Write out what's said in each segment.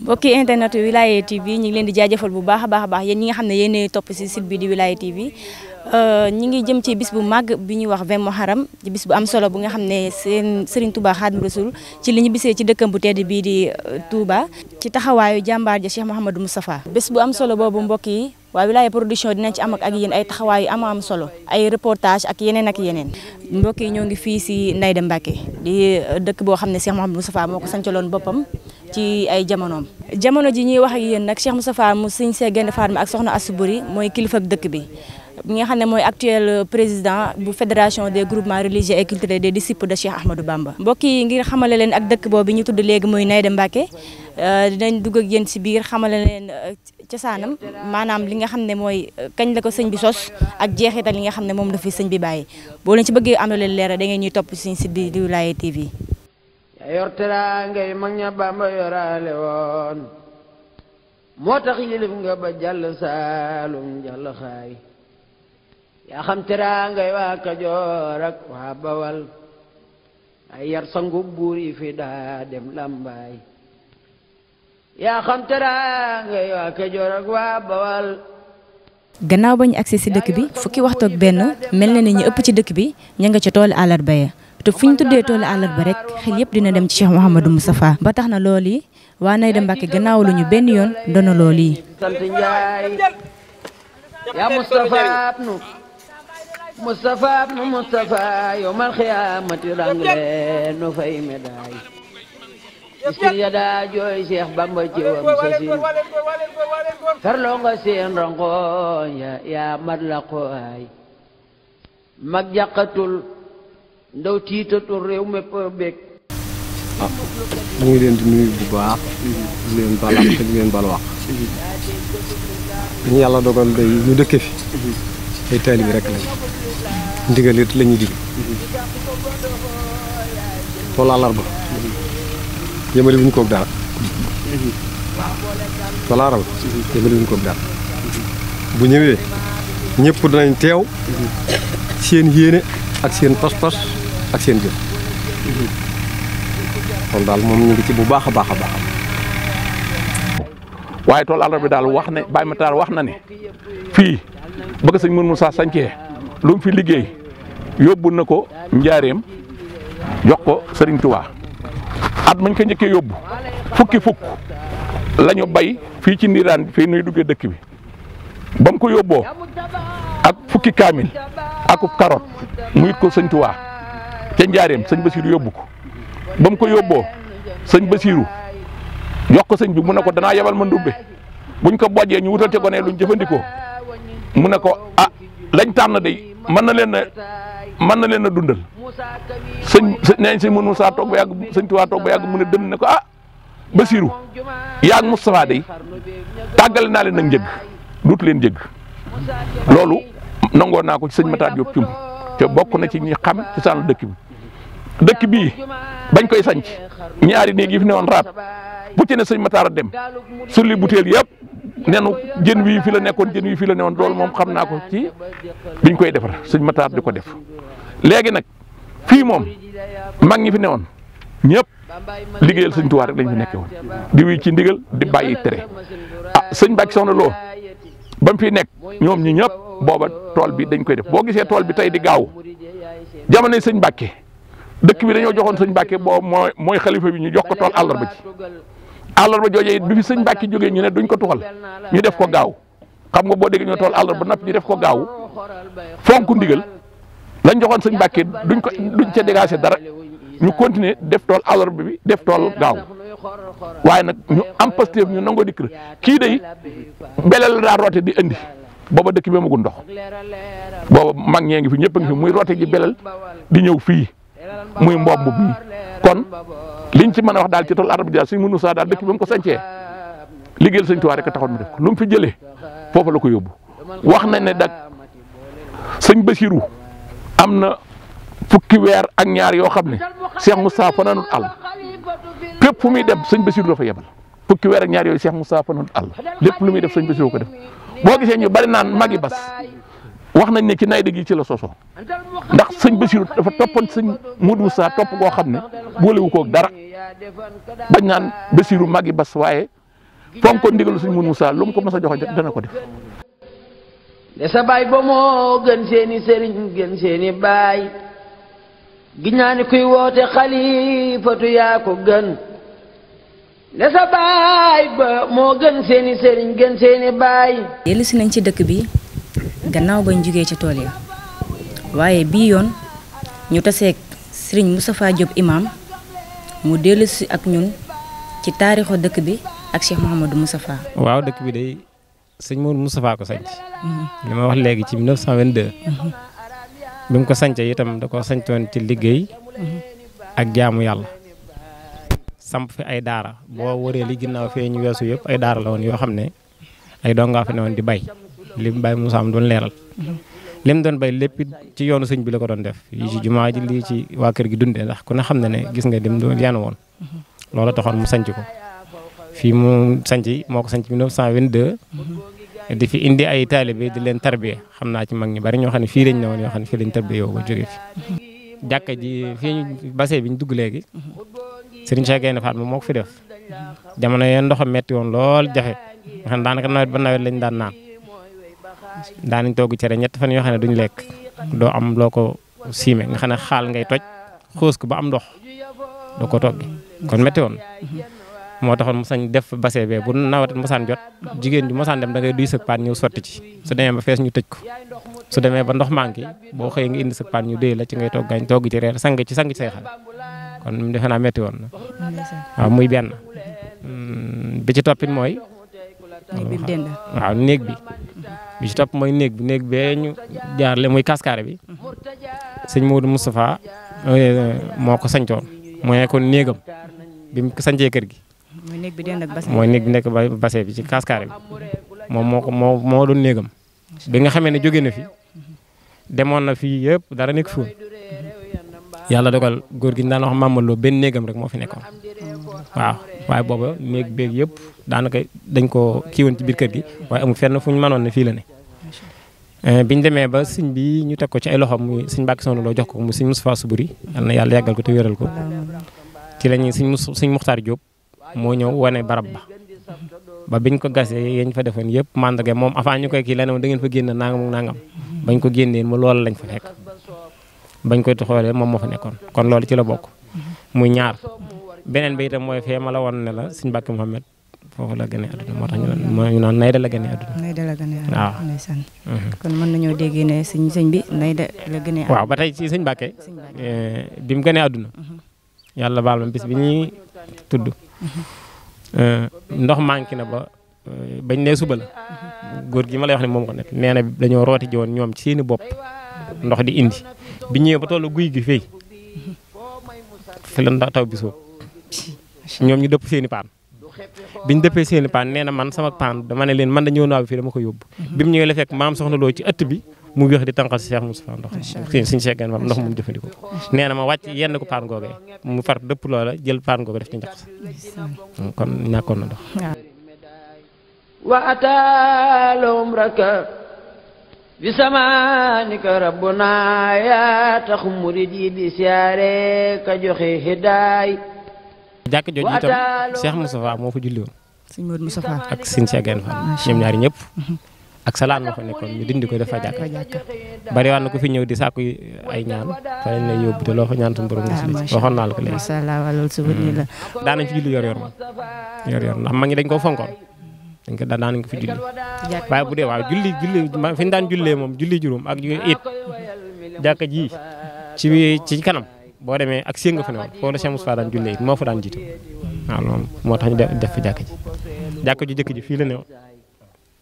mbokki internet Wilaya TV ñu ngi leen di jaajëfal bu baax a baax a baax yéen ñi nga xam ne yéenay topp si site bi di Wilaya TV Euh, ñi ngi jëm ci bis bu màgg bi ñuy wax vingt muharram ci bis bu am solo bu nga xam ne seen Serigne Touba Khadim Rasoul ci li ñu bisee ci dëkkam bu tedd bii di euh, Touba. ci taxawaayu jàmbaar ja Cheikh Mouhamadou Moustapha. bés bu am solo boobu mbokk yi waa Wilaya production dinañ ci am ak yéen ay taxawaay yu am am solo ay reportage ak yeneen ak yeneen. mbokk yi ñoo ngi fii si Ndayda Mbacke di euh, dëkk boo xam ne Cheikh Mouhamadou Moustapha moo sancaloon boppam. ci ay jamonoom jamono ji ñuy wax ak yéen nag Cheikh Moustapha mu sëñ see genn Fatma ak soxna Asuburi mooy kilifa dëkk bi bi nga xam ne mooy actuel président bu fédération des groupements religieux et culturels des disciples de Cheikh Ahmadou Bamba. mbokk yi ngir xamale leen ak dëkk boobu ñu tudd léegi muy Naïda Mbacké euh, dinañ dugg ak yéen si biir xamale leen euh, cosaanam maanaam li nga xam ne mooy euh, kañ la ko sëñ bi sos ak jeexital li nga xam ne moom la fi sëñ bi bàyyi boo leen ci bëggee am na leen leera da ngeen top topp suñu si bi di Wilaya TV. yor teraanga yi mag ña Bamba yoraale woon moo tax yilif nga yaa xam teraangay waa Kajoor waa Bawal ay yar sangu buur yi fi daa dem làmbaay yaa waa ak waa Bawal gannaaw ba ñu agsi si dëkk bi fukki waxtu ak benn mel na ni ñu ëpp ci dëkk bi ña ci ca toolu àllarba ya te fu ñu tuddee toolu àllarba rek xel yépp dina dem ci Cheikh Mouhamadou Moustapha ba tax na lool yi waa Naydou Mbacke gannaaw lu ñu benn yoon doon na yi. sant Njaay yaa Moustapha ab nu Moustapha yawmal xiyaamati rang leen nu fay médaay miskin ya daa jooy Seex Bamba ci wam sasin farloo nga seen rangooñ ya mat la xooy mag jàqatul ndaw tiitatul réew mépp bég ah mu ngi leen di nuyu bu baax di leen balax ñu yàlla dogal day ñu dëkke fi ay taalibi rek ndigal it la ñuy dig toolu àllarba yemale wuñ koog dara toolu àllarba yemale wuñ koog dara bu ñëwee ñëpp danañ teew seen yéene ak seen pas-pas ak seen jëf kon daal moom ñu ngi ci bu baax a baax a baax waaye toolu àllarba daal wax ne Baye Matar wax na ne fii bëgg sëñ mën Moussa sañcee lu mu fi liggéey yóbbu na ko njaareem jox ko Serigne Touba at mañ ko njëkkee yóbbu fukki fukk la bay fii ci ndiiraan fii nuy duggee dëkk bi ba ko yóbboo ak fukki kaamil ak karot mu it ko sëñ Touba ca njaareem sëñ Basiiru yóbbu ko ba ko yóbboo sëñ Basiiru jox sëñ bi mu ne ko danaa yebal ma ndubbe buñ ko bojjee ñu wutal ci gone luñ jëfandikoo mu ne ko ah lañ tànn day mën na leen a mën na leen a dundal sëñ neen sëñ mën Moussa toog ba yàgg sëñ Tuubaa toog ba yàgg mu ne dem ne ko ah Basiru yaa ngi Moustapha day tàggale naa leen ak njëg duut leen jëgg loolu nangoo naa ko ci sëñ Mataat Diop cum te bokk na ci ñi xam ci dëkk bi dëkk bii bañ koy sanc ñaari néeg yi fi newoon raab bu ci ne sëñ Mataar a dem sulli butéel yëpp nenu jën wii fi la nekkoon jën wii fi la newoon loolu moom xam naa ko ci biñ koy defar sëñ Matar di ko def léegi nag fii moom mag ñi fi newoon ñëpp liggéeyal sëñ Tuubaa rek lañ fi nekkee woon di wi ci ndigal di bàyyi tere ah sëñ Bàcc soxna loo ba mu fi nekk ñoom ñi ñëpp booba tool bi dañ koy def boo gisee tool bi tey di gaaw jamonoy sëñ Bàcce dëkk bi dañoo joxoon sëñ bakke boobu mooy mooy xalifa bi ñu jox ko tool àllarba ci àllarba jooje it bi fi sëñ Mbàkke ñu ne duñ ko tuxal ñu def ko gaaw xam nga boo déggee ñu tool àllarba noppi ñu def ko gaaw fonk ndigal lañ joxoon sëñ Mbàkke duñ ko duñ ca dégager dara ñu continuer def tool àllarba bi def tool gaaw waaye nag ñu am Pastef ñu nangoo dikk kii day beleel daa roote di indi booba dëkk bi amagul ndox booba mag ñee ngi fi ñëpp a ngi fi muy roote ji beleel di ñëw fii muy mbomb bi kon liñ ci mën a wax daal ci tool arab dia suñ mënu saa daal dëkk bi mu ko sancee liggéeyal sëñ Tuubaa rek taxoon mu def ko lu mu fi jëlee foofu la ko yóbbu wax nañ ne dak sëñ Basiru am na fukki weer ak ñaar yoo xam ne Cheikh Moustapha fanaanut àll fépp fu muy dem sëñ Basiru dafa yebal fukki weer ñaar yooyu Cheikh Moustapha fanaanut àll lépp lu muy def sëñ Basiru ko de boo gisee ñu bari naan magi bas wax nañ ne ci nayda gi ci la soso ndax sëñ Basiru dafa toppoon sëñ Modou Moussa topp koo xam ne boolewu koog dara bañ naan Basiru magi bas waaye fonk ko ndigalu sëñ Modou Moussa lu mu ko mos a joxe dana ko def. ne sa baay ba moo gën seeni sëriñ gën seeni baay gi ñaani kuy woote xalifatu yaa ko gën moo gën seeni sëriñ gën seeni baay. dellu si ci dëkk bi. gannaaw bañ jugee ci tool yi waaye bii yoon ñu taseeg sëriñ Moustapha Diop imam mu dellusi ak ñun ci taarixu dëkk bi ak Cheikh Mouhamadou Moustapha waaw dëkk bi day sëñ Mouhamadou Moustapha ko sanc li wax léegi ci 1922. bi mu ko sancee itam da ko sancoon ci liggéey ak jaamu yàlla samp fi ay daara boo waree li ginnaaw fee ñu weesu yëpp ay daara la woon yoo xam ne ay dongaa fi ne woon di bay li Baye Moussa am doon leeral li mu doon bay lépp ci yoonu sëñ bi la ko doon def yi ci jumaa ji lii ci waa kër gi dundee ndax ku ne xam na ne gis nga dim doon yan woon loolu taxoon mu sanc ko fii mu sanc moo ko sanc 1922 di fi indi ay bi di leen tarbiye xam naa ci mag ñi bari ñoo xam ne fii lañ ne yoo xam ne fii lañ tarbiye yow ba jóge fi jàkka ji fii ñu bi ñu dugg léegi sëriñ Cheikh Gaïndé Fatma moo ko fi def jamono yeen ndoxam metti woon lool jafe nga xam daanaka nawet ba nawet lañ daan naan daanañ togg cere ñetti fan yoo xam ne duñ lekk doo am loo ko siime nga xam ne xaal ngay toj xoos ko ba am ndox doo ko toggi kon metti woon moo taxoon mosañ def basee bee bu nawet mosaan jot jigéen ju mosaan dem da ngay duy sëg paan ñëw sotti ci su demee ba fees ñu tëj ko su demee ba ndox manqué boo xëyee nga indi sëg paan ñu déy la ci ngay togg gañ togg ci reer sang ci sang ci say xale kon mu defe naa metti woon na waaw muy benn mm, bi ci toppit mooy waaw néeg bi bi ci topp mooy néeg bi néeg bee ñu jaarale muy kaskaare bi sëñ Modou Moustapha eh, moo ko sañcoon mooy kon néegam bi mu sañcee kër gi. bi dend mooy néeg bi nekk bassin bi ci kaskaare bi moom moo moo moo doon néegam. bi nga xamee ne jóge na fi demoon na fii yëpp dara nekk fi woon yàlla dogal góor gi ñu daan wax Mamadou benn néegam rek moo fi nekkoon. waaw waaye booba néeg beeg yëpp daanaka dañ koo kii woon ci biir kër gi waaye amul fenn fu ñu manoon ne fii la ne eh, biñ demee ba sëñ bi ñu teg ko ci ay loxo muy sëñ Mbàkke Soxna Lo jox ko mu sëñ Moustapha Suburi yal na yàlla yàggal ko te wéral ko ci lañuy sëñ sëñ Muxtaar Jóob moo ñëw wane barab ba ba biñ ko gasee yañ fa defoon yëpp mandarga moom avant ñu koy kii leneen da ngeen fa génn nangam nangam bañ ko génneen ma loolu lañ fa nekk bañ koy xoolee moom moo fa nekkoon kon loolu ci la bokk muy ñaar beneen bi itam mooy fee ma la woon ne la Sëñ Mbàkke Muhammad foofu la gënee àdduna moo tax ñu naan moo ñu naan Nayda la gënee àdduna. Nayda waaw mhm. nañoo déggee ne sëñ bi Nayda la waaw ba tey ci Sëñ Mbàkke eh, bi mu gënee àdduna. Mhm. yàlla baal ma bis bi ñuy tudd. Mhm. Eh, ndox manqué na ba eh, bañ ne suba la. góor gi ma lay wax ne moom ko nekk nee dañoo rooti joon ñoom ci seeni bopp ndox di indi bi ñëwee ba tollu guy gi fii fi la taw bi soo ñoom ñu dëpp seen i paan bi ñu dëppee seen i paan nee na man sama paan dama ne leen man da ñëw naa fii dama ko yóbbu mhm. bi mu ñëwee la fekk maam soxna loo ci ëtt bi mu wéex di tànqal si Cheikh Moustapha ndox suñu seegeen maam ndox mu jëfandikoo na ma wàcc yenn mu far dëpp loola jël paan googe def ci njaq kon ñàkkoon na ndox wa yi di siyaare ka joxe hidaay jàkk jooju itam Cheikh Moustapha moo fa julli woon sëñ Modou Moustapha ak sëñ Cheikh Gaïndé Fatma ñoom ñaari ñëpp ak salaan ma fa nekkoon ñu dindi ko dafa jàkk bari waan na ko fi ñëw di sàkku ay ñaan fa lañ lay yóbbu te loo fa ñaan suñu borom musal ci waxoon naa la ko mm-hmm. julli yor yor moom yor yor ndax ma ngi dañ koo fonkoon dañ ko daan nañ ko fi julli waaye bu dee waaw julli julli fi ñu daan jullee moom julli juróom ak it ci kanam boo demee ak séen nga fa ne woon foofu la Cheikh Moustapha daan jullee moo fa daan jiitu moo tax ñu def fa jàkk ji ju jëkk ji fii la ne woon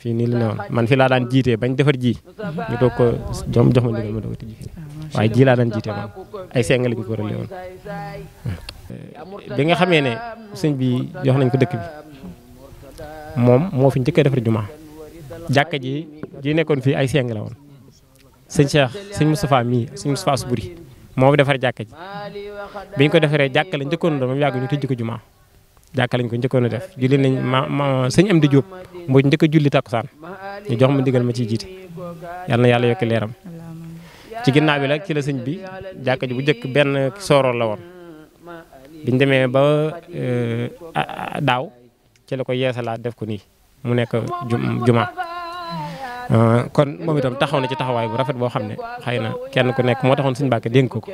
fii nii la ne man fi laa daan jiitee bañ defar ji ñu doog ko jox jox ma ndigal ma waaye ji laa daan ay seng lañ ko waralee bi nga xamee ne sëñ bi jox nañ ko dëkk bi moom moo fi njëkk a defar jumaa jàkk ji ji nekkoon fii ay seng la woon sëñ Cheikh sëñ Moustapha mii sëñ Moustapha Suburi moo fi defar jàkka ji bi ñu ko defaree jàkka lañ njëkkoon doon moom yàgg ñu tëj ko jumaa jàkka lañ ko njëkkoon a def julli nañ ma ma sëñ Amdi Jóob moo njëkk a julli takkusaan ñu jox ma ndigal ma ciy jiit yàlla na yàlla yokk leeram ci ginnaaw bi nag ci la sëñ bi jàkka bu njëkk benn sooroor la woon biñ demee ba euh, daaw ci la ko yeesalaat def ko nii mu nekk juma Euh, kon moom itam taxaw na ci taxawaay bu rafet boo xam ne xëy na kenn ku nekk moo taxoon suñu Mbàkke dénk ko ko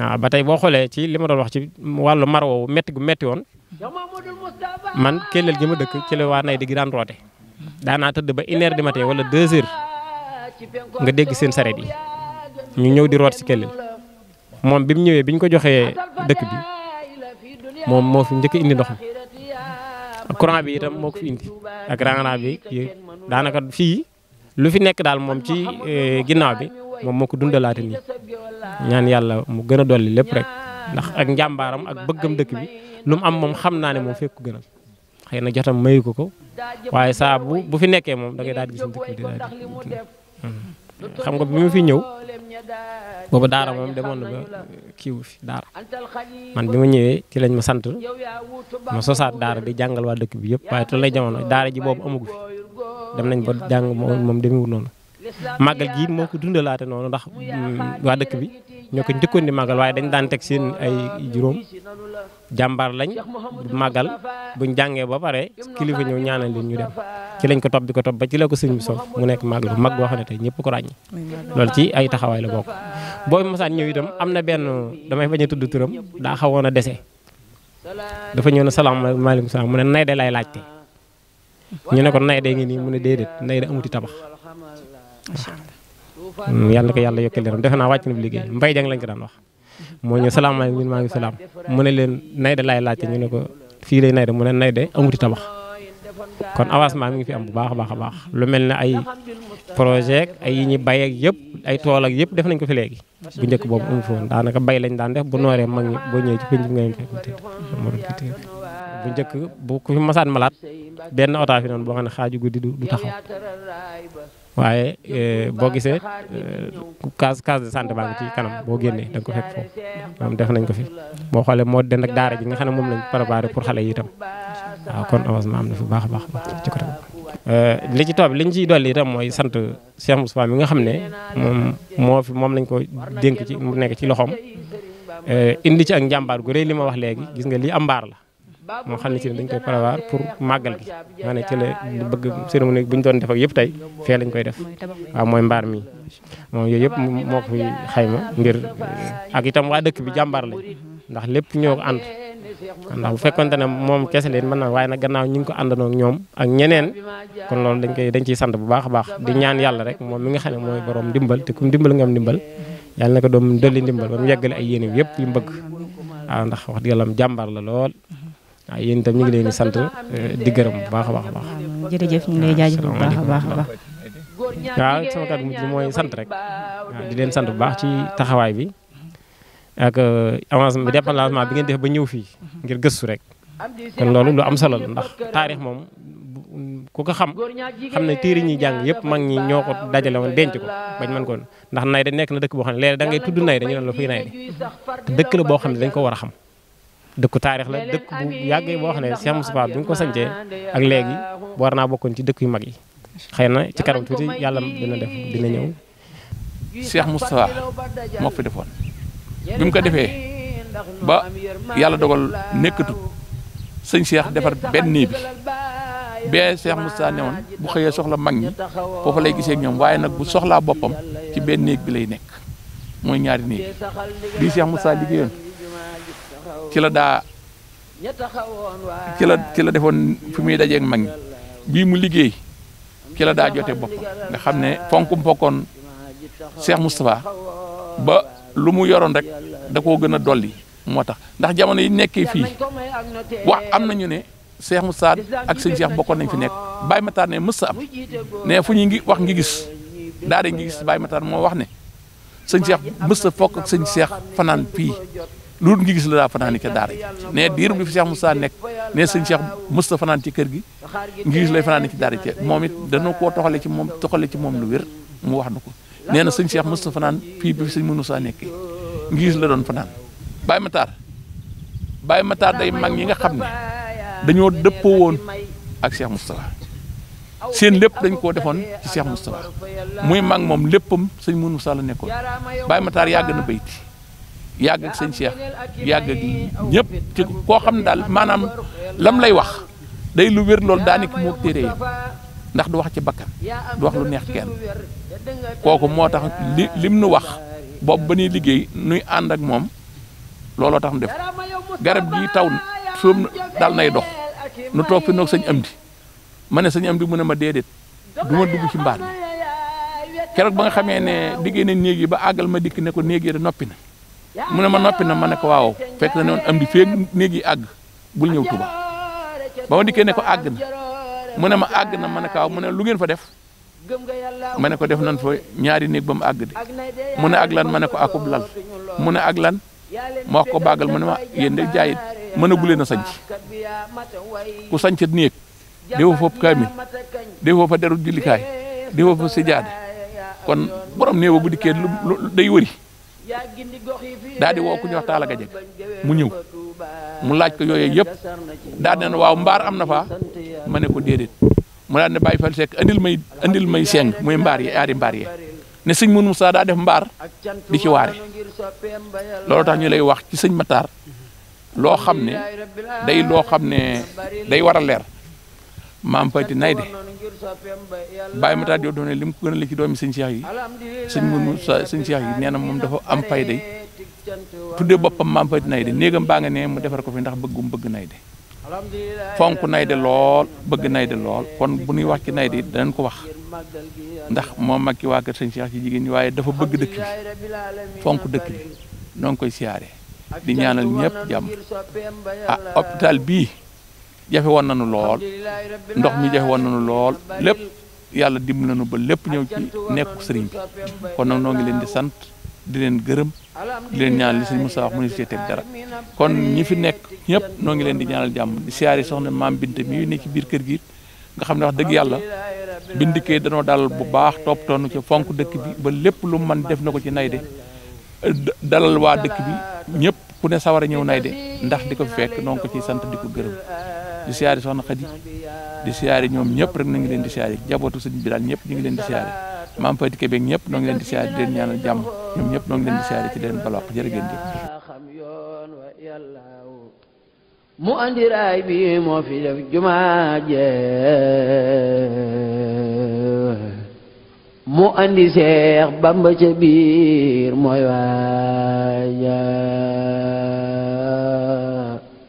waaw ba tey boo xoolee ci limatool ma doon wax ci wàllu mar woowu metti gu metti woon man kelleel jëm a dëkk ci la waa nay di gi daan roote daanaa tëdd ba une heure matin wala deux heures nga dégg seen sareet yi ñu ñëw di root si kelleel moom bi mu ñëwee bi ñu ko joxee dëkk bi moom moo fi njëkk indi ndox ak rang bi daanaka fii lu fi nekk daal moom ci eh, ginnaaw bi moom moo ko dundalaate nii ñaan yàlla mu gën a dolli lépp rek ndax ak njàmbaaram ak bëggam dëkk bi lu mu am moom xam naa ne moom fekk ko gënal xëy na jotam mayu ko ko waaye saa bu bu fi nekkee moom da ngay daal di gis dëkk bi di hmm. nga bi mu fi ñëw boobu daara moom demoon na ba kiiwu fi daara man bi ma ñëwee ci lañ ma sant ma sosaat daara di jàngal waa dëkk bi yëpp waaye te lay jamono daara ji boobu amagu fi dem nañ ba jàng moom demewul noonu màggal gi moo ko dundalaate noonu ndax mm, waa dëkk bi ñoo ko njëkkoon di màggal waaye dañ daan teg seen ay juróom jàmbaar lañ magal buñ jàngee ba pare kilifa ñëw ñaanal leen ñu dem ci lañ ko topp di ko topp ba ci la ko sëñ bi sof mu nekk màggal bu mag boo xam ne tey ñëpp ko ràññi loolu ci ay taxawaay la bokk boobu mosaan ñëw itam am na benn damay bañ a tudd turam daa xawoon a dese dafa ñëw na salaamaaleykum salaam mu ñu ne ko nay de ngi nii mu ne déedéet nay de amuti tabax waaw yàlla ko yàlla yokk leeram defe naa wàcc na bu liggéey mbay jang lañ ko daan wax moo ñëw salaamaaleykum maa ngi salaam mu ne leen nay de laay ne ko fii nay mu ne nay de amuti tabax kon avancement mi ngi fi am bu baax a baax a baax lu mel ne ay projet ay yi ñuy bay ak yëpp ay tool ak yëpp def nañ ko fi léegi bu njëkk boobu amu fi daanaka bay lañ daan def bu nooree mag ñi boo ñëwee ci pénc bi nga leen fekk bu njëkk bu ku fi masaan malaat benn otaa fi noonu boo xam ne xaaju guddi du taxaw waaye eh, boo gisee eh, case case de santé baa ngi ci kanam boo génnee da ko fekk foofu moom def nañ ko fi boo xoolee moo den ak daara ji nga xam ne moom lañ préparé pour xale yi itam waaw kon baax a baax ci eh, li ci toog li ñu ciy dolli itam mooy sant Cheikh Moustapha mi nga xam ne moom moo fi moom lañ ko dénk ci mu nekk ci loxoom indi ci ak njàmbaar gu rëy li ma wax léegi gis nga lii am mbaar la moo xam ne ci dañ koy prévoir pour màggal gi maanaam ci la bëgg cérémonie bu ñu doon def ak yëpp tey fee lañ koy def waaw mooy mbaar mi moom yooyu yëpp moo ko fi xayma ngir ak itam waa dëkk bi jàmbaar lañ ndax lépp ñoo ko ànd ndax bu fekkonte ne moom kese leen mën na waaye nag gannaaw ñu ngi ko àndandoo ak ñoom ak kon loolu dañ koy dañ ciy sant bu baax a baax di ñaan yàlla rek moom mi nga xam ne mooy borom dimbal te kum dimbal nga am dimbal yàlla na ko doom dolli dimbal ba mu yeggale ay yéene yëpp yu mu bëgg waaw ndax wax dëgg yàlla jàmbaar la lool waaw yéen itam ñu ngi leen di sant euh, di gërëm bu baax a baax a baax. jërëjëf ñu ngi baax a a baax. waaw sama kàddu mujj mooy sant rek di leen sant bu baax ci taxawaay bi ak euh, avancement bi déplacement bi ngeen def ba ñëw fii ngir gëstu rek. kon loolu lu am solo la ndax taarix moom ku ko xam xam ne téere ñuy jàng yëpp mag ñi ñoo ko dajale woon denc ko bañ man koon ndax Nayda nekk na dëkk boo xam ne léeg-léeg da ngay tudd Nayda ñu ne la fuy Nayda te dëkk la boo xam ne dañ ko war a xam. dëkku taarix la dëkk bu yàggee boo xam ne Cheikh Moustapha bi nga ko sancee ak léegi war naa bokkoon ci dëkk yu mag yi xëy na ci kanam tuuti yàlla dina def dina ñëw. Cheikh Moustapha moo fi defoon bi mu ko defee ba yàlla dogal nekkatut sëñ Cheikh defar benn bi bee Cheikh Moustapha ne woon bu xëyee soxla mag ñi foofu lay gisee ñoom waaye nag bu soxlaa boppam ci benn néeg bi lay nekk mooy ñaari néeg lii Cheikh Moustapha liggéeyoon. ci la daa ci la defoon fu muy dajeeg mag ñi bii mu liggéey ci la daa jote bopp nga xam ne fonkum fokkoon Cheikh Moustapha ba lu mu yoroon rek da koo gën a dolli moo tax ndax jamono yi nekkee fii wax am nañu ne Cheikh Moustapha ak sëñ Cheikh bokkoon nañ fi nekk Baye Matar ne mës am ne fu ñu ngi wax ngi gis daa de ngi gis Baye Matar moo wax ne sëñ Cheikh mës a fokk ak sëñ Cheikh fanaan fii loolu ngi gis la daa fanaani ca daara ji ne diirum li fi Cheikh Moustapha nekk ne sëñ Cheikh Moustapha fanaan ci kër gi ngi gis lay fanaani ci daara ji moom it koo toxale ci moom toxale ci moom lu wér mu wax na ko nee na sëñ Cheikh Moustapha fanaan fii bi sëñ Moustapha nekkee ngi la doon fanaan Baye Matar Baye Matar day mag ñi nga xam ne dañoo dëppoo woon ak Cheikh Moustapha seen lépp dañ koo defoon ci Cheikh Moustapha muy mag moom léppam sëñ Moustapha la nekkoon Baye Matar yàgg na bayti yàgg ak sëñ Cheikh yàgg ak ñëpp ci koo xam ne daal maanaam lam lay wax day lu wér loolu daanaka moo téere ndax du wax ci bakkan du wax lu neex kenn kooku moo tax li lim nu wax boobu ba ñuy liggéey nuy ànd ak moom looloo tax mu def garab gi taw suum dal nay dox nu toog fi noog am Amdi ma ne sëñ Amdi mu ne ma déedéet du ma dugg ci mbaar mi keroog ba nga xamee ne liggéey nañ néeg yi ba àggal ma dikk ne ko néeg yi noppi na. mu ne ma noppi na ma ne ko waaw fekk na ne woon am di fee néeg yi àgg bul ñëw Touba ba ma dikkee ne ko àgg na mu ne ma àgg na ma ne ko waaw mu ne lu fa def ma ne ko def nan fa ñaari néeg ba mu àgg de ne ak lan ma ne ko akub lal mu ne ak lan ma ko bàggal mu ne ma yéen de jaayit mën a guleen a sanc ku sancat néeg defoo fa kaamil defoo fa deru jullikaay defoo fa sijaada kon borom néew bu dikkee day wëri daal di woo ku ñuy taalaga jeg mu ñëw mu laaj ko yooyee yëpp daal ne waaw mbaar am na fa ma ne ko déedéet mu daal ne bàyyi fal sekk andil may andil may seng muy mbaar yi aari mbaar yi ne sëñ Mourou Moussa daa def mbaar di ci waare loolu tax ñu lay wax ci sëñ Matar loo xam ne day loo xam ne day war a leer maam Fati nay de bàyyi ma taat yow doone li mu ko gënale ci doomi sëñ Cheikh yi sëñ Mourou sëñ Cheikh yi nee na moom dafa am fay de tudde boppam maam Fati nay de néegam baa nga ne mu defar ko fi ndax bëggum bëgg nay fonk nay lool bëgg nay de lool kon bu ñuy wax ci nay de danañ ko wax ndax moom mag ki waa kër sëñ Cheikh ci jigéen ñi waaye dafa bëgg dëkk bi fonk dëkk bi noo ngi koy siyaare di ñaanal ñëpp jàmm ah hôpital bii jafe woon nañu lool ndox mi jafe woon nañu lool lépp yàlla dimbali nañu ba lépp ñëw ci nekku sëriñ bi kon nag noo ngi leen di sant di leen gërëm di leen ñaanal li sëñ Moussa wax kon ñi fi nekk ñëpp noo ngi leen di ñaanal jàmm siyaar siyaare soxna maam Binta mi ne ci biir kër gi nga xam ne wax dëgg yàlla bindikee danoo dalal bu baax toppatoo nu ci fonk dëkk bi ba lépp lu man def na ko ci nay de dalal waa dëkk bi ñëpp ku ne sawar a ñëw nay de ndax di ko fekk noo ko ci sant di ko gërëm di siyaari soxna Xadi di siyaari ñoom ñëpp rek na ngi leen di siyaari jabootu si bi daal ñëpp ñu ngi leen di siyaari maam Faty Kébé ñëpp noo ngi leen di siyaari di leen ñaanal jàmm ñoom ñëpp noo ngi di siyaari ci leen balwaq jërë ngeen jëf mu bi moo